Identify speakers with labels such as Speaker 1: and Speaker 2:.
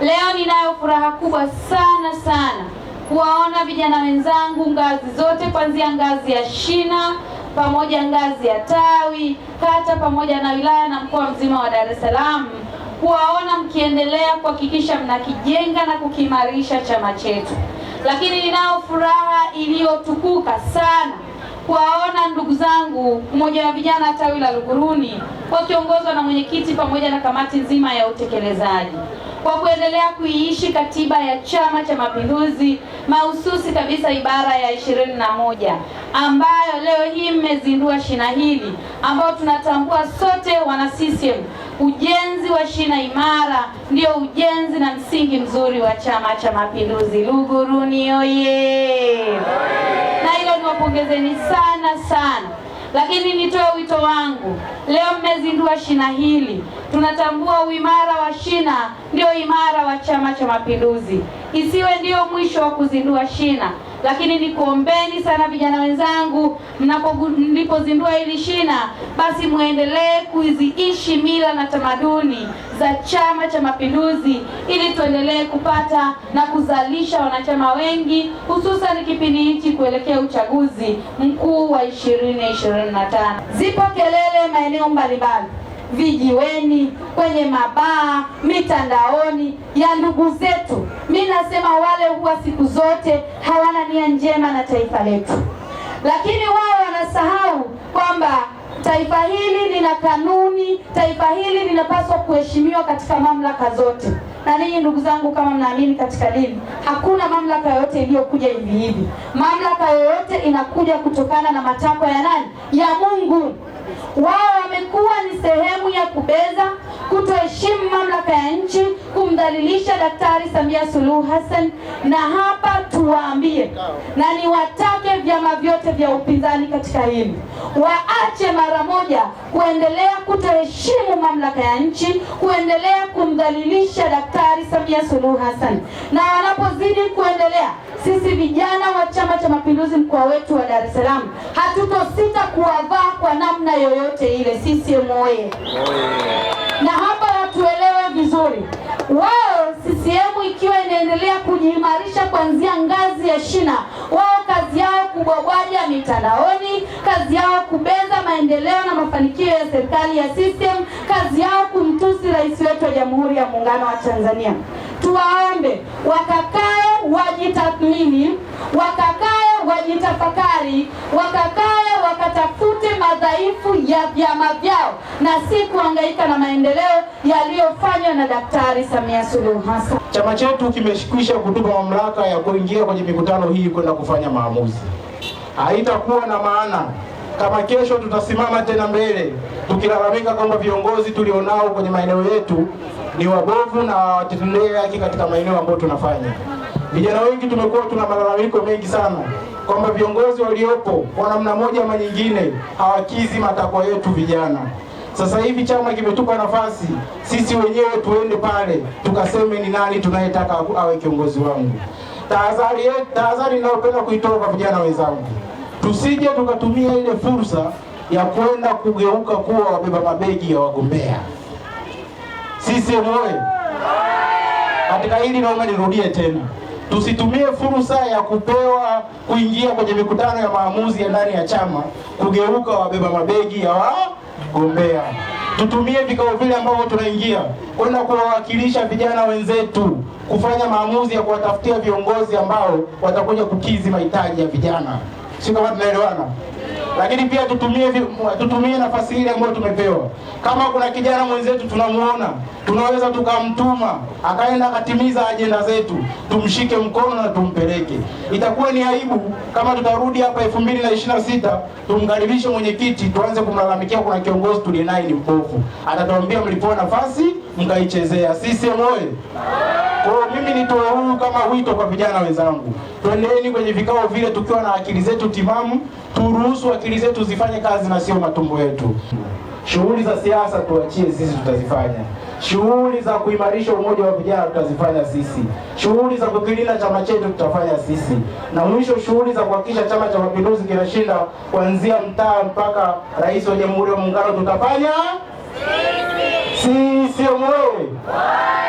Speaker 1: Leo ninayo furaha kubwa sana sana kuwaona vijana wenzangu ngazi zote, kuanzia ngazi ya shina pamoja ngazi ya tawi, kata pamoja na wilaya na mkoa mzima wa Dar es Salaam, kuwaona mkiendelea kuhakikisha mnakijenga na kukiimarisha chama chetu. Lakini ninao furaha iliyotukuka sana kuwaona ndugu zangu umoja wa vijana tawi la Luguruni wakiongozwa na mwenyekiti pamoja na kamati nzima ya utekelezaji kwa kuendelea kuiishi katiba ya Chama cha Mapinduzi, mahususi kabisa ibara ya ishirini na moja ambayo leo hii mmezindua shina hili, ambao tunatambua sote wana CCM, ujenzi wa shina imara ndio ujenzi na msingi mzuri wa Chama cha Mapinduzi. Luguruni oye! na hilo niwapongezeni sana sana. Lakini nitoe wito wangu leo, mmezindua shina hili. Tunatambua uimara wa shina ndio imara wa Chama cha Mapinduzi isiwe ndio mwisho wa kuzindua shina, lakini nikuombeni sana vijana wenzangu, mlipozindua hili shina, basi mwendelee kuziishi mila na tamaduni za Chama cha Mapinduzi ili tuendelee kupata na kuzalisha wanachama wengi, hususan kipindi hichi kuelekea uchaguzi mkuu wa 2025. Zipo kelele maeneo mbalimbali vijiweni, kwenye mabaa, mitandaoni ya ndugu zetu asema wale huwa siku zote hawana nia njema na taifa letu, lakini wao wanasahau kwamba taifa hili lina kanuni, taifa hili linapaswa kuheshimiwa katika mamlaka zote. Na ninyi ndugu zangu, kama mnaamini katika dini, hakuna mamlaka yoyote iliyokuja hivi hivi. Mamlaka yoyote inakuja kutokana na matakwa ya nani? Ya Mungu. Wao wamekuwa ni sehemu ya kubeza, kutoheshimu mamlaka ya nchi kumdhalilisha Daktari Samia Suluhu Hassan, na hapa tuwaambie na niwatake vyama vyote vya upinzani katika hili waache mara moja kuendelea kutoheshimu mamlaka ya nchi, kuendelea kumdhalilisha Daktari Samia Suluhu Hassan, na wanapozidi kuendelea, sisi vijana wa Chama cha Mapinduzi mkoa wetu wa Dar es Salaam hatutosita kuwavaa kwa namna yoyote ile. CCM oye! na hapa wao CCM ikiwa inaendelea kujiimarisha kuanzia ngazi ya shina, wao kazi yao kubwabwaja mitandaoni, kazi yao kubeza maendeleo na mafanikio ya serikali ya CCM, kazi yao kumtusi rais wetu wa Jamhuri ya Muungano wa Tanzania. Tuwaombe wakakae wajitathmini, wakakae wajitafakari, wakakae wakata madhaifu ya vyama vyao na si kuhangaika na maendeleo yaliyofanywa na Daktari Samia Suluhu Hassan.
Speaker 2: Chama chetu kimeshikisha kutupa mamlaka ya kuingia kwenye mikutano hii kwenda kufanya maamuzi. Haitakuwa na maana kama kesho tutasimama tena mbele tukilalamika kwamba viongozi tulionao kwenye maeneo yetu ni wabovu na watetendee haki katika maeneo ambayo tunafanya. Vijana wengi tumekuwa tuna malalamiko mengi sana kwamba viongozi waliopo kwa namna moja ama nyingine hawakizi matakwa yetu vijana. Sasa hivi chama kimetupa nafasi sisi wenyewe tuende pale tukaseme ni nani tunayetaka awe kiongozi wangu. Tahadhari yetu, tahadhari ninayopenda kuitoa kwa vijana wenzangu, tusije tukatumia ile fursa ya kwenda kugeuka kuwa wabeba mabegi ya wagombea. Sisi mwe katika hili, naomba nirudie tena. Tusitumie fursa ya kupewa kuingia kwenye mikutano ya maamuzi ya ndani ya chama kugeuka wabeba mabegi ya wagombea. Tutumie vikao vile ambavyo tunaingia kwenda kuwawakilisha vijana wenzetu, kufanya maamuzi ya kuwatafutia viongozi ambao watakuja kukizi mahitaji ya vijana. Si kama tunaelewana? lakini pia tutumie, tutumie nafasi ile ambayo tumepewa. Kama kuna kijana mwenzetu tunamuona, tunaweza tukamtuma akaenda akatimiza ajenda zetu, tumshike mkono na tumpeleke. Itakuwa ni aibu kama tutarudi hapa elfu mbili na ishirini na sita tumkaribishe mwenyekiti tuanze kumlalamikia kuna kiongozi tuliye naye ni mpofu. Atatuambia mlipoa nafasi mkaichezea. Sisi oye! Kwa mimi nitoe huu kama wito kwa vijana wenzangu, twendeni kwenye vikao vile tukiwa na akili zetu timamu, turuhusu akili zetu zifanye kazi na sio matumbo yetu. Shughuli za siasa tuachie sisi, tutazifanya. Shughuli za kuimarisha umoja wa vijana tutazifanya sisi. Shughuli za kukilinda chama chetu tutafanya sisi, na mwisho shughuli za kuhakikisha Chama cha Mapinduzi kinashinda kuanzia mtaa mpaka rais wa Jamhuri ya Muungano tutafanya sisi. Sisi mwe